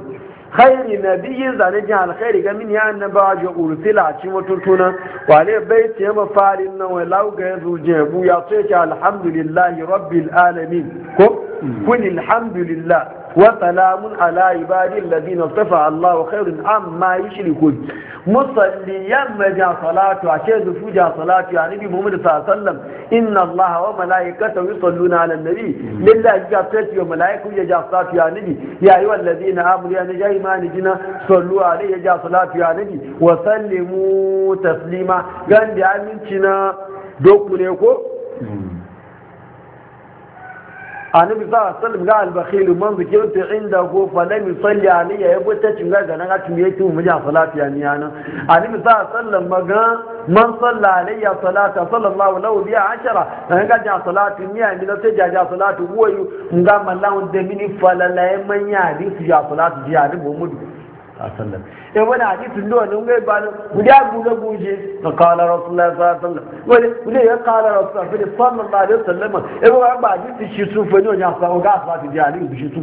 khairi na biyi zane jihar alkhairi ga min ya annaba ga urfila a cikin matuntuna wale bai ce ya farin nan wai lauga ya zuje ya tsaye ci alhamdulillahi rabbil alamin ko mm. kun alhamdulillah وسلام على عباد الذين اصطفى الله خير عما يشركون مصليا مجا صلاة عشان فوجا صلاة يعني النبي محمد صلى الله عليه وسلم ان الله وملائكته يصلون على النبي لله جاء صلاة وملائكة جاء صلاة يا نبي يا أيها الذين امنوا يا نجاي ما نجنا صلوا عليه جاء صلاة يا نبي وسلموا تسليما قال يا منشنا دوكو Ani bi sa sallam ga al-bakhil man inda indahu fa lam yusalli aliya ya bata cin ga nan atin ya tu mu ja salati yani yana bi sa sallam maga man salla aliya salata sallallahu lahu bi ashara an ga ja salati ni ya mina ta ja ja salati yu nga lawo de mini falala ya manya di su ja salati di ani mudu. sallam e wani hadisin da wani ngai ba ne da gula guje ka kala rasulullahi sallallahu alaihi wasallam wani wani ya kala rasulullahi sallallahu alaihi wasallam e ba ba hadisi shi su fa ne ya sa ga ti jali bi shi su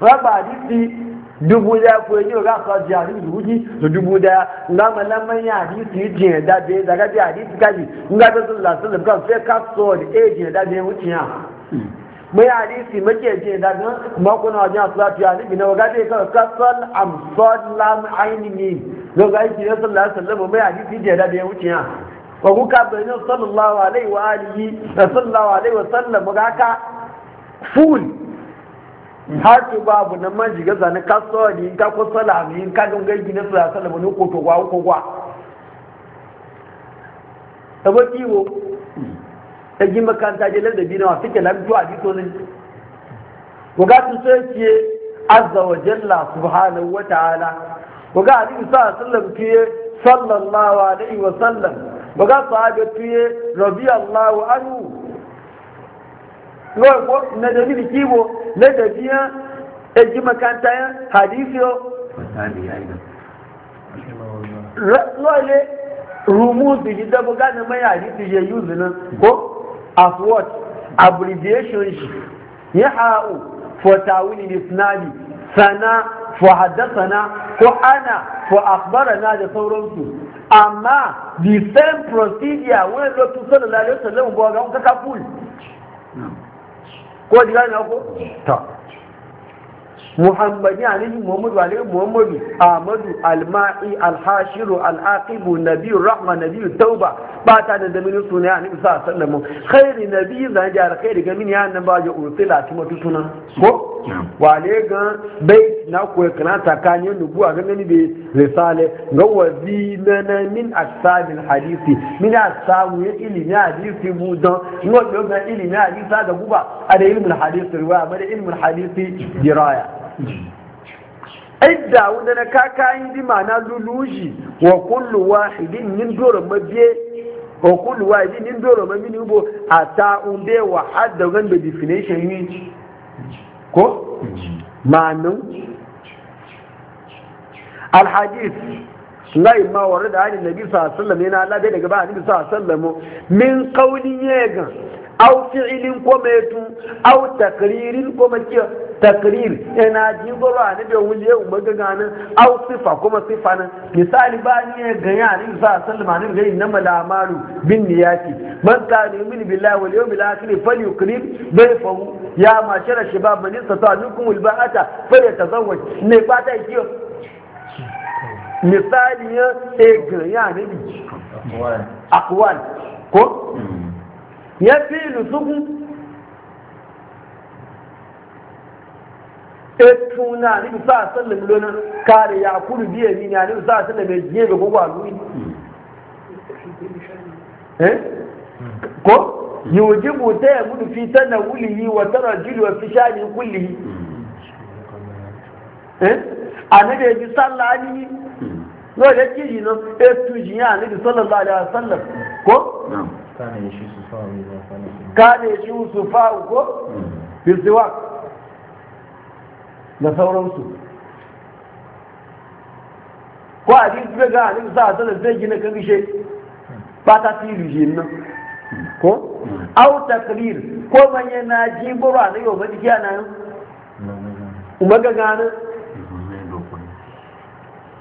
ba ba hadisi dubu da ko ne ga sa jali bi huji to dubu da na malaman ya hadisi je da be daga bi hadisi kaji ga sallallahu alaihi wasallam kan sai ka so da e je da be e wuciya mai hadisi muke je daga makuna wajen asalatu ya nufi na waga zai kawo kasar amsallam ainihi ga aiki na sallallahu alaihi mai hadisi je da ya wuce ya wa kuka bayin sallallahu alaihi wa alihi da sallallahu alaihi wasallam ga ka full har ki babu nan man jiga zani ka ko salami ka dunga gina sallallahu alaihi wasallam ne ko to gwa ko gwa ɗagin makaranta je ladabi na wasu ke lamdu a jito ne ku ga su sai ke azza wa jalla subhanahu wa ta'ala ku ga alibi sa sallam fiye sallallahu alaihi wa sallam ku ga sahabi fiye radiyallahu anhu ko na da bi kibo na da biya ɗagin makaranta ya hadisi yo lọ́ọ̀lẹ́ rumuzi yìí dẹ́gbọ́gá ni mẹ́yà yìí ti yẹ yi náà ko. of what abbreviation shi ya ha'u for tawili isnadi sana for haddasana ko ana for akhbarana da sauransu amma the same procedure wey lotu sallallahu alaihi wasallam ba ga ka kaful ko jira na ko ta muhammadi alihi muhammadu alihi muhammadu ahmadu alma'i alhashiru al'aqibu nabiyu rahma nabiyu tauba bata da damini suna ya nabi sallallahu alaihi wasallam zan ji alkhairi ga min ya nan ba ya ursila ti mutu suna ko wale ga bai na ko kana takani nubuwa ga gani be risale ga wazi min asabil hadisi min asabu ya ilimi hadisi mu don ngo ga ilimi hadisi da guba a da ilimin hadisi riwaya ba da ilmin hadisi diraya aida wanda na kakayin bi ma'ana luluji wa kullu wahidin min dora mabiye wa kullu wahidin min dora mabini ubo a ta'un bai wa hadda wanda definition yi ko ma'anin alhadis ngai ma warda da nabi sallallahu alaihi wasallam yana Allah daga ba hannun sallallahu alaihi wasallam min kaunin yegan aw fi'ilin ko metu aw takririn ko makiya takrir ina ji goro da nabi wuje umaga ganin aw sifa kuma sifa nan misali ba ni ga ya ni sa sallama ni ga inna malamalu bin niyati man ni min billahi wal yawmil akhir bai fahu ya ma shara shabab man istata minkum al ba'ata falyatazawwaj ne ba ta kiyo misali ya e ga ya nabi akwal ko ya fi'lu suku etuna ni bisa sallam lona kare ya kulu biye ni ni bisa sallam ya jiye ga gogo alu eh ko yujibu ta ya gudu fi tanawulihi wa tarajuli wa fi shani kullihi eh anabi ya ji sallah ni no ya ji no etu ji ya anabi sallallahu alaihi wasallam ko na'am kane shi su fa'u ko fisiwa da sauransu ko a ji zai ga hannun sa a sanar zai gina kan rishe ba ta fi rishe nan ko au takrir ko manyan na ji buru a na yau ba jikiya na yau umar gaganin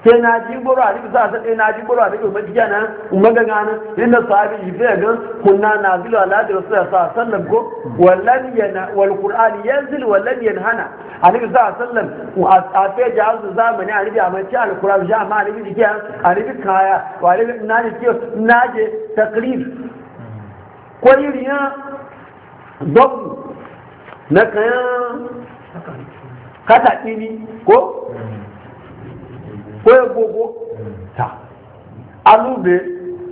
sai na ji goro a rikin sa sai na ji goro a rikin mafi yana umaga gana inda sahabi shi fiye gan kunna na zilu ala da rasu da sa sallam ko wallan yana wal qur'ani yanzil wallan yanhana a rikin sa sallam a fiye ja su zamani a rikin amince al qur'an ja ma a rikin jiki a rikin kaya wa rikin na ji kiyo na je takrif ko iriya dobu na kayan kata ini ko koyar gogo ta alube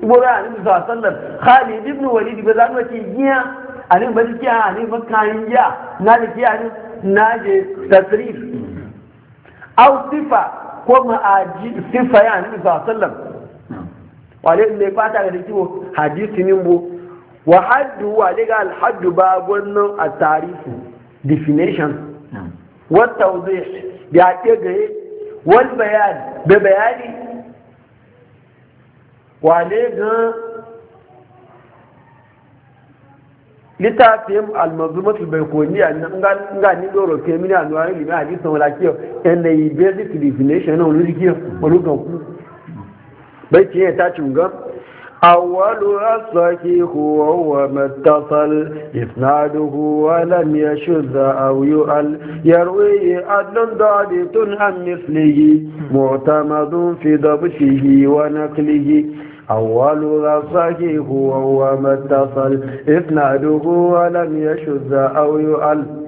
ibora ani musa sallar khalid ibn walid ba zan ke giya ani ba giya a ba kayan giya na da giya ani na je tasrif au sifa ko ma'aji sifa ya ani musa sallar wale ne fata da kiwo hadisi ne bo wa haddu wa daga al haddu ba gwannan a tarifu definition hmm. what tawdih ya ke gaye wal bayan da bayani wane ga littafin almazumatul baikoniya nga ni loro ke mini anuwa ilimi hadisan wala kiyo yana yi basic definition na wani rikiyo wani ganku bai ciye ta cungan أولها الصحيح وهو ما اتصل إسناده ولم يشذ أو يؤل يرويه عدل ضابط عن مثله معتمد في ضبطه ونقله أولها الصحيح وهو ما اتصل إسناده ولم يشذ أو يؤل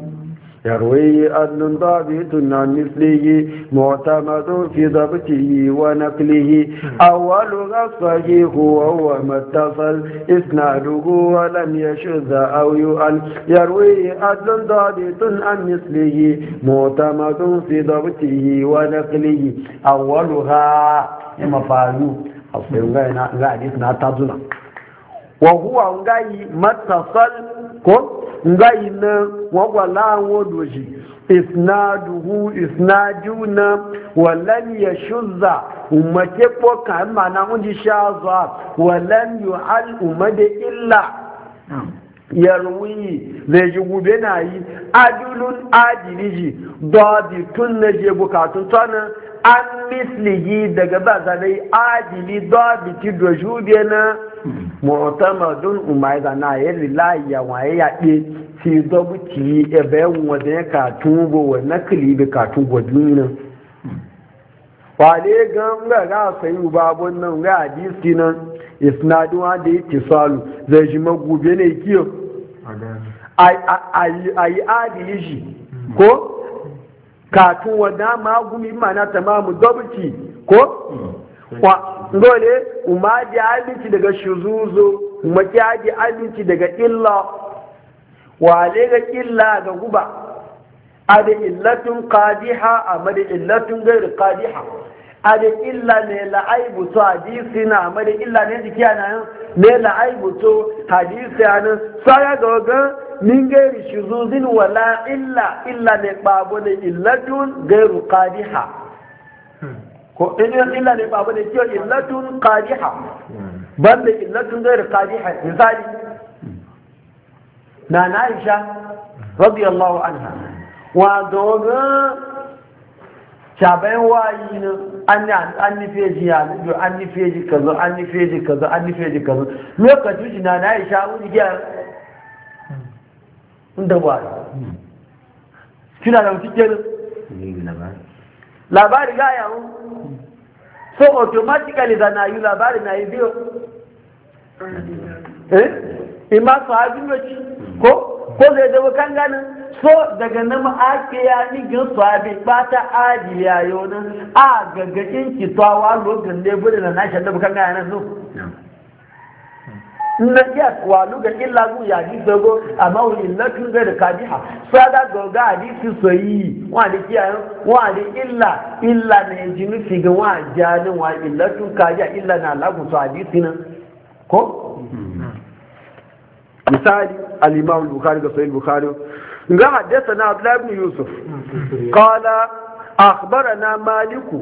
يرويه أن ضابط عن مثله معتمد في ضبطه ونقله أول غصه هو هو ما اتصل إسناده ولم يشذ أو يؤل يرويه أن ضابط عن مثله معتمد في ضبطه ونقله أولها إما فارو أصبحوا غير غير إسناد تابزنا وهو غير ما اتصل كنت ngai na wagwala awon doji isnaduhu isnaduna walan yashuzza ummake ko kan mana unji shazwa walan yuhal ummade illa yarwi zai ji gube nayi adulun adiliji dadi tun na je bukatun tsanan an mislihi daga ba zane adili dabiti da na mu'tamadun umar na, ya lilayi ya waye ya ɗe fi dabuti ya bayan wanda ka katun wa na kilibi katun gowa duniya wale gan ga ga sayu babun nan ga hadisi nan isnadu wa da ittisalu zai ji magube ne kiyo ayi ai shi ko katun wadda ma gumi mana tamamu dabci ko mm. wa dole umma ji abinci daga shuzuzu umma ji aji abinci daga illa wale ga illa ga guba ada illatun qadiha amada illatun ghairu qadiha ada illa ne la'aibu to hadisi na amada illa ne jikiya na ne la'aibu to hadisi na sai ga ga min gairi shuzuzin wala illa illa ne babu ne illatun gairu qadiha ko illa ne babu ne kiyo illatun qadiha banda illatun gairu qadiha misali na Aisha radiyallahu anha wa doga shabayin wayi ne an ni feji ya an ni feji kaza an ni feji kaza an ni feji kaza lokacin shi na na Aisha wuri gyara da ba kina da wuce kenan labari ga ya mu so automatically da na yi labari na yi biyo eh ima sahabi mace ko ko zai zama kan ganin so daga nan ake ya ni gan sahabi ba ta ajiya yau nan a gaggakin kitawa lokacin da ya bude na nashi da bukan gaya nan no nnajiya walu ga illa gun ya ji dogo amma wuli na tun zai da kajiha sada goga a ji su soyi wani kiyayen wani illa illa na ya ji nufi ga wani janin wani illa tun kajiha illa na lagun su a ji sinan ko misali al-imam bukhari da sahih bukhari ga haddathana abdullah ibn yusuf mm. qala akhbarana maliku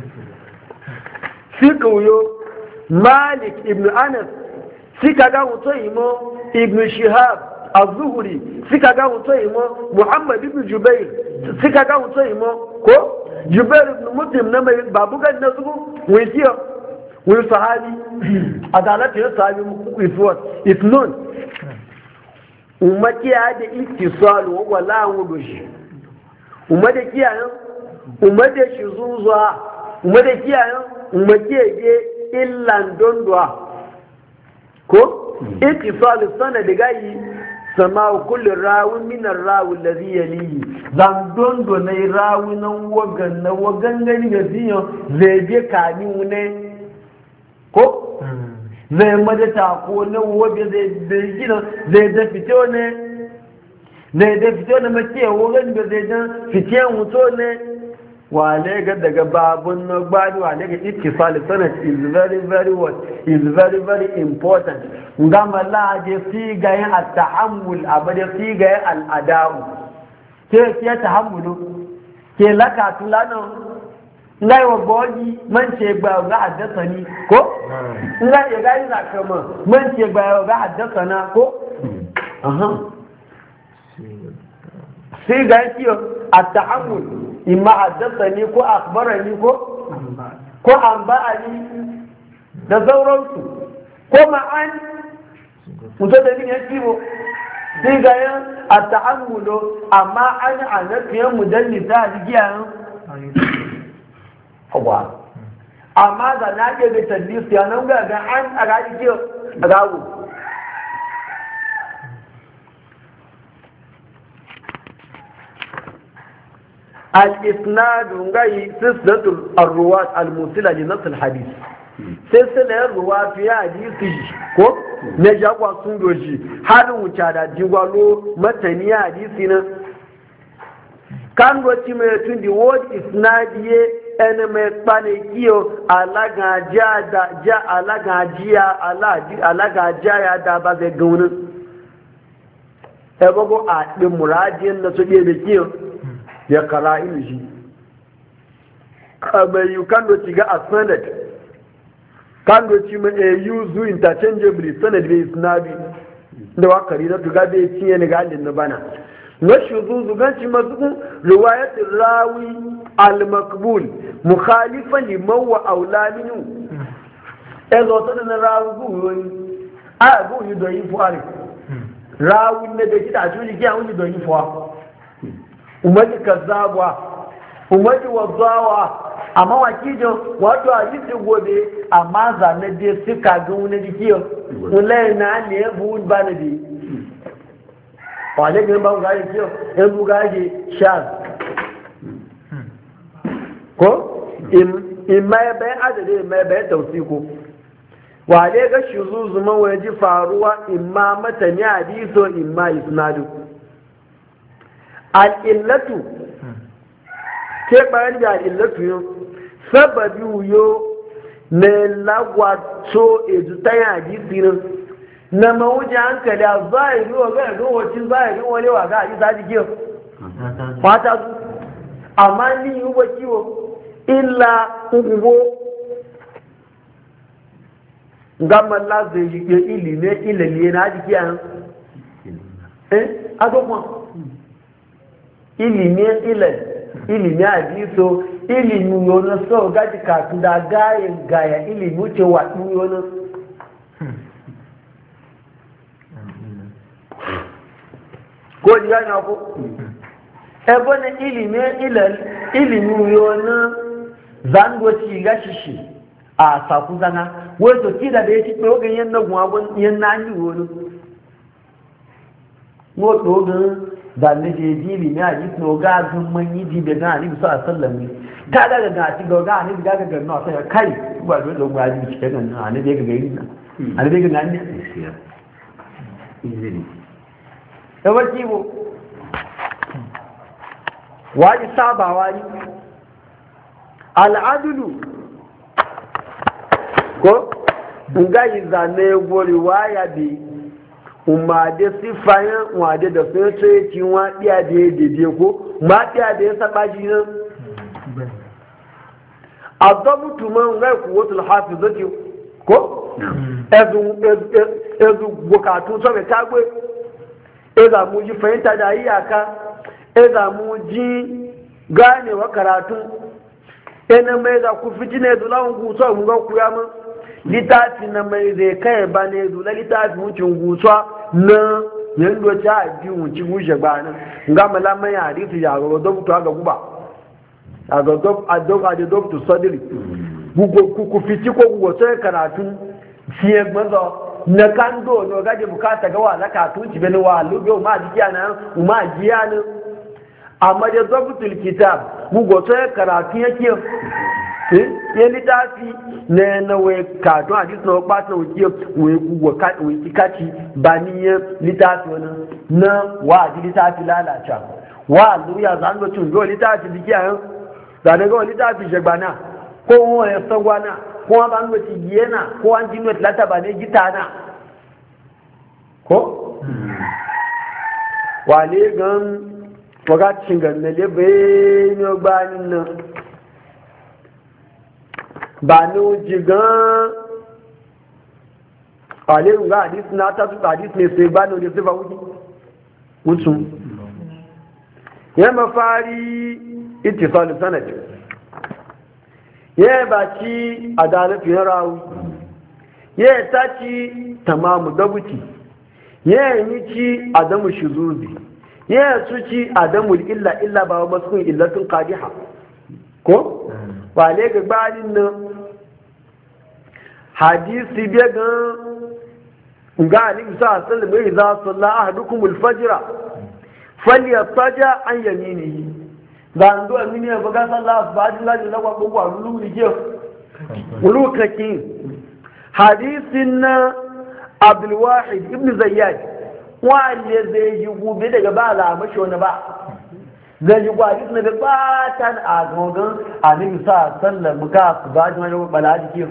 fiɗuyo malik ibn anas sika ga wuto imo ibn shihab az-zuhri sika ga wuto imo muhammad ibn jubair sika ga wuto imo ko jubair ibn muslim na mai babu ga na zugu wisiyo wi sahabi adalati ya sahabi is what is known ummati ya da ittisal wa wala wudushi ummati kiyayen da shi zuzuwa umade kiyayen umakiyege illan dondowa ko hmm. ikisali sana da gayi sama kullum rawun minar rawun da ziyali zan dondo na yi rawunan wagan na wagan gani da ziyan zai je kani ne ko hmm. zai madata ko na wabe zai gina zai da fito ne zai da fito na mace wagan da zai da fitiyan wuto ne wale ga daga babun na gbani wale ga fali sanad is very very what is very very important gama la fi gayen a at-ta'ammul abada fi gayen al ke ke ke tahammulu ke laka tulano ngai wa boji man ce gba ga ni ko ngai ya gani na kama man ce gba ga na ko hmm. aha siga yin a taammul imma haddasa ni ko akbara ne ko ko an ba'ani da sauransu ko ma'ani mutu da ni ya cibo sai ga yan a ta'ammulo amma an annabiyan nisa a jigiyan hawa amma da na ke da tallis ya nan ga an a ga jigiyan rago الإسناد غي سلسلة الرواة الموصلة لنص الحديث سلسلة الرواة في حديث ko na sun doji halin wuce da jigwalo matani hadisi na kan doci mai tun di word isnadiye ẹni mai kpane kiyo alagajiya ya da ba zai gaunin ẹgbogbo a ɗin muradiyar na su ɗebe kiyo ya inu shi kabayu kan doci ga a sanad kan doci ma eh, a yuzu interchangeably sanad bai isnabi da wa kari na tuga bai cinye ni galin na bana na shuzuzu ganci masu riwayatin rawi al-makbul mukhalifa liman wa aulaminu minu zo ta da na rawi guwoni a guwoni don yi fuwa hmm. rawi na da gida a cikin jikin a wani don yi fuwa umaji kazzabwa umaji wazawa, amma wakijo wato a yiti gobe amma zane dai su kagin wani jikiyo ulai na ne bu ba na bi wale ga ba ga jikiyo en bu ga ji shaz ko in mai bayan adadin mai bayan tausiko wale ga shi zuzuman wani ji faruwa in ma mata ne hadiso in ma isnadu al'illatu ke bayan da al'illatu yau sababi wuyo na lagwato ezu ta yi hadisi na mawuce hankali a zahiri wa ga yanzu wacin zahiri wani wa ga hadisi hadisi kiyo fata su amma ni yi wa kiwo illa ugbo na eh ilimi ilan ilimi hadiso ilimi wani so gaji kafin da gaya gaya ilimi wuce waɗin wani ko ji gani ku ebe na ilimi ilan ilimi wani zangoci gashishi a saku zana wato ki da da ya ci ɗogin yan na gwagon yan na yi wani mo da ne je jibi ne a jikin ga zun man yi jibi na alibi sa sallam ne ta daga ga ci ga ga alibi ga ga na sai kai ba da da gwaji jibi kan nan na ne ga ga yi na hmm. ya? ga nan ne izini da waki bo waji saba waji al'adulu ko gayi zane gori waya bi umade sifayen wade da sun tsaye ci wa ɗiya da ya daidai ko ma ɗiya da ya saba shi nan a zabu tuman rai ku wata hafi zaki ko hmm. ezu bukatu e, sabai tagwe eza mu ji fahimta da iyaka eza mu ji ganewa karatu ena mai za ku fitina ezu lawon gusa mu ga kuya mun litafi na mai zai kai ba ne zula litafi wucin gusa na yadda ta ji wuci gushe ba nan ga malamai a ritu ya ga dokta ga guba a ga dokta sadiri ku fiti ko gugoto ya karatu fiye gbaza na kando na gaji bukata ga wa zakatun ci bani wa lubewa ma jiya na ma jiya na amma da doktul kitab gugoto ya karatu yake ya littafi na yana wai katon a jisun wakpa na wuce wai wuce kaci ba ni ya na wa ji littafi wa zuriya e za hmm. ga cin zuwa littafi jiki a yau za da gawa littafi shagbana ko wani ya sagwana ko wani ban wuce giyana na an jini wata lata ba ne gita na ko wale gan wagacin ganna lebe ne gbanin nan banu jigan alirun ga hadis na ta su hadis ne sai ba banu da sifa wuki mutum ya mafari ittisalu sanad ya baki adalatu ya rawu. ya ta taci tamamu dabuti ya yi ci adamu shuzuzi ya su ci adamu illa illa ba masu illatun qadiha ko Wa ne ga bayanin nan hadisi biya ga ga alim a sallam e yi za su la kuma alfajira falyattaja an yi ba an do amini ya ga sallah ba ji lajin lagwa kwa kwa lulu ni je lulu kake hadisin na abdul ibn zayyad wa ne zai yi gobe daga ba la mashi wani ba zai yi gwari na da batan a gogon alim sa sallar muka su ba ji wani jiki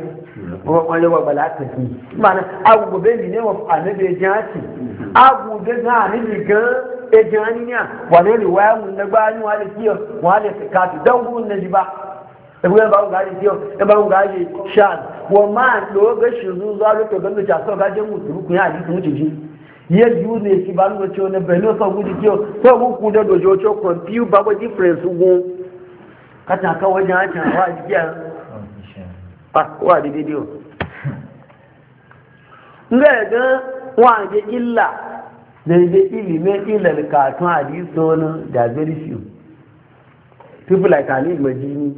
wani wabala ta ki mana agube ne wa ya jaci agube na anabi ga ya jani ne wane ne waya mun na gbani wale kiyo wale kafi don gudun na ji ba ebuwe ba ga ji kiyo e ba ga ji shan wa ma do ga shi zuwa to ga ta so ga je mutu ku ya ji mutu ji yẹ ju ne si ba ŋgɔ tso ne bɛ ne fɔ kudi tso fɔ ko kun de dojo tso kɔmpiu ba ko difference wo kata ka wɔ nya nya wa di ya pa wa di di di o nga yɛ gan wa de illa na de ili me illa le ka tun a da very few people like ali majini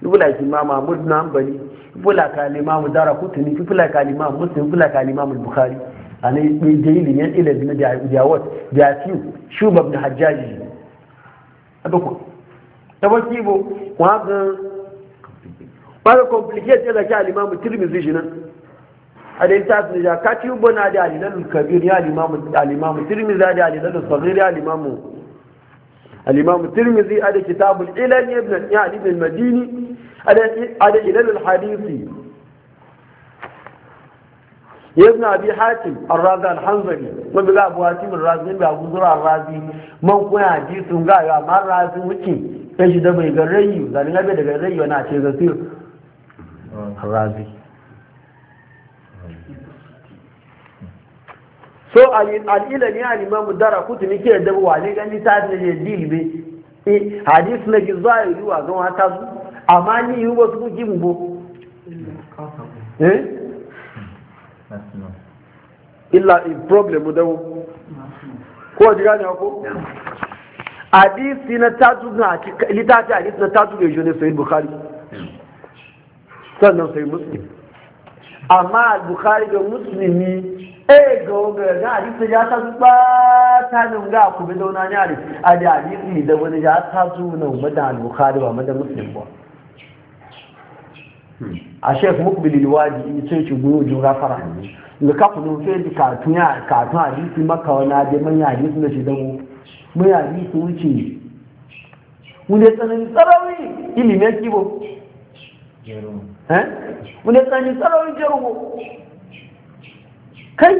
people like imam ahmad nambali people like imam darakutuni people like imam muslim people like imam bukhari Ani ne ɗai jahilin yan ilil na da jafiyu shubab na hajjaji a duk ta baki bo wagan ɓaga complicate da ki alimamu tirmizi shi nan a da ta su ja kaci na da alilan kabir ya alimamu tirmizi da alilan sagir ya alimamu alimamu tirmizi a da kitabul ilal ibn ya ibn madini a da ilal hadisi يبنى أبي حاتم الرازي الحنظري من بلا أبو حاتم الرازي من أبو زرع الرازي من كنا حديث من قال يا مار رازي وكي تجي دمي غريو ذلك نبي دبي غريو أنا أشي غسير الرازي so al'ila ne a limamu dara kutu ne ke da wane gan littafi ne dilbe hadis na ki za yi wa gan wata su amma ni yi wasu kuki mu bo eh illa in problem da mu ko ji gane ko hadisi na tatu na litafi hadisi na tatu da jone sahih bukhari sannan sahih muslim amma bukhari da muslimi eh ga ga hadisi ya ta ba ta nan ga ku bi dauna ne a da hadisi da wani ya ta zo na madan bukhari ba madan muslim ba a shek mukbil liwaji in ce ki jura fara gafara ga kafin sai di katun ya katun hadisi maka wani da manya hadisi na shi dago manya hadisi wuce wanda tsanani tsarawi ilimin kibo wanda eh? tsanani tsarawi jerugo kai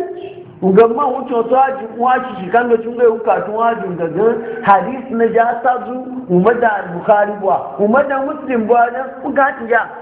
ugamma wuce wata haji waci shi kan lokacin ga yuka tun wajin daga hadis na jasa sazu umar da bukhari buwa umar da muslim buwa na bukatin ya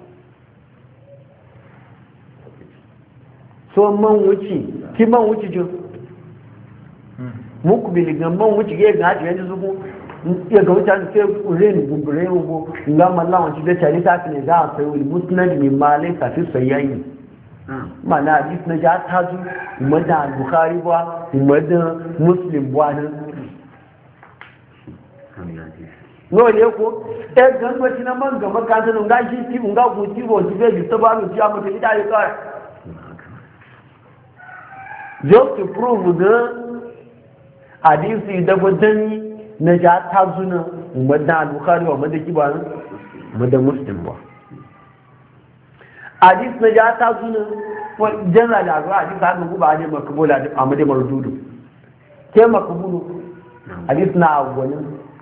so man wuce ki man wuce jin muku biligan man wuce ya ga hajji yanzu zuku ya ga wuce sai urin gumbure ugo nga malla wanci da tare ta ne za a sai wani musnad min malai ka fi sayyayi mana hadis na ja ta zu umada bukhari ba umada muslim ba nan no ne ko e eh, gango na man ga makasanin gashi ti unga ku ti bo ti be bi ta ba mu ti amma ta ida ya just to prove ga hadisi da gudan na ja ta zuna madan al-bukhari wa madan kiba madan muslim ba hadis na ja ta zuna jana da ga hadis haka guba ne makbula da amade marududu ke makbulu hadis na agwani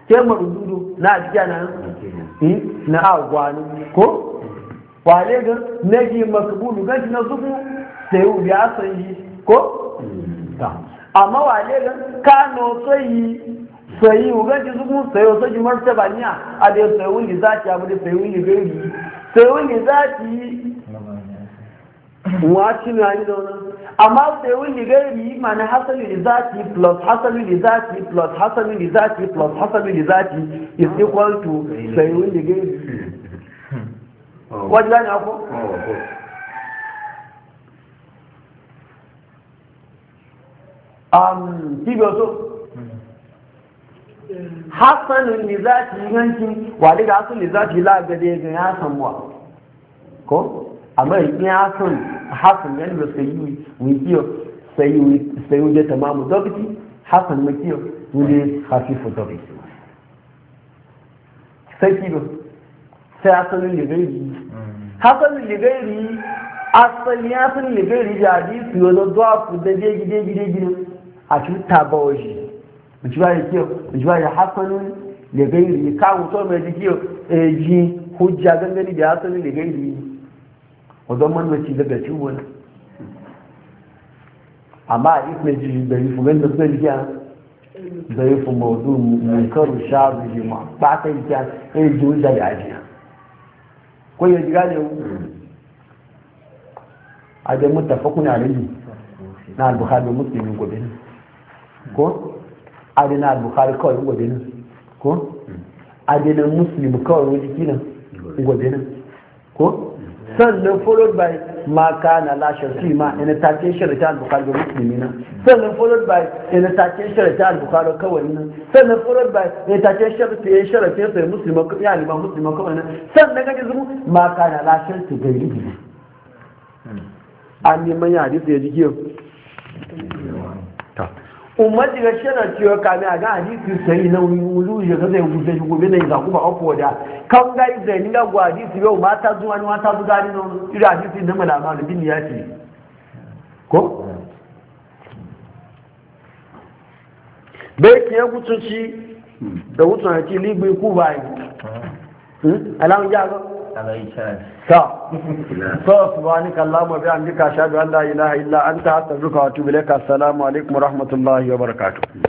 ke marududu na jiya na eh, na agwani ko wale ga naji makbulu gaji na zuku sai ubiya san ko amma wale gan kano soyi soyi ugan ji zugun soyo so ji martaba niya a da soyi wuli zaki abu da soyi wuli gari soyi wuli zaki wa ci na ni dona amma gari mana hasalu li zaki plus hasalu li zaki plus hasalu li zaki plus zaki is equal to soyi wuli gari wajen kíbi um, ọ̀tọ́ hasanin ne za ki yankin wani ga hasan ne za ki lagade ga ya samuwa ko amma in ya san hasan yan da sai yi wikiyo sai yi sai yi ta mamu dabiti hasan makiyo wuri hafifu dabiti sai kibi sai hasanin ligairi hasanin ligairi asali hasanin ligairi jadi su yi wani zuwa su da je gide gide gide àti tàbà òjì ìjúwáyé kí o ìjúwáyé hasanu lè gẹ́ ìrì káwọn tó mẹ́ di kí o èyí kó jẹ́ agẹ́gẹ́ hasanu lè gẹ́ ìrì ọ̀dọ́ mọ́nà ti lẹ́bẹ̀ tí wọ́n àmá ìpínlẹ̀ jù bẹ̀rẹ̀ fún gẹ́gẹ́ pẹ́lú kí a bẹ̀rẹ̀ fún mọ̀ọ́dún mọ̀ọ́kọ́rù ṣáàrù yìí mọ̀ yi ìkí a èyí jù ó jáde àjẹ́ kó yẹ jù gáyẹ̀ wù àjẹ́ mọ́tàfọ́kùnrin àlejò náà àlùbùkárì mọ́tàfọ́kùnrin gobe ne ko adina al-bukhari kawai gwabe nan ko adina muslim kawai wani kina gwabe nan ko sannan followed by ma kana la sharti ma ina take sharta al-bukhari ga muslimi nan sannan followed by ina take sharta al-bukhari kawai nan sannan followed by ina take sharta ya sharta sai muslima ya lima muslima kawai nan sannan ga zumu ma kana la sharti ga hmm. yi an neman yadda ya ji kiyo umarci ga shirar cewa kami a ga hadisi sai na wulu ya ga zai wuce shi gobe na za ku ba ofo da kan ga zai ni ga gwa hadisi yau mata zuwa ni mata zuwa ni no ira hadisi na malama da bin ya ce ko bai ke wutuci da wutun hakili bai ku bai alamun ya ga ta so subhanaka allahumma bi amdika ashhadu an la ilaha illa anta astaghfiruka wa atubu ilaik assalamu alaikum wa rahmatullahi wa barakatuh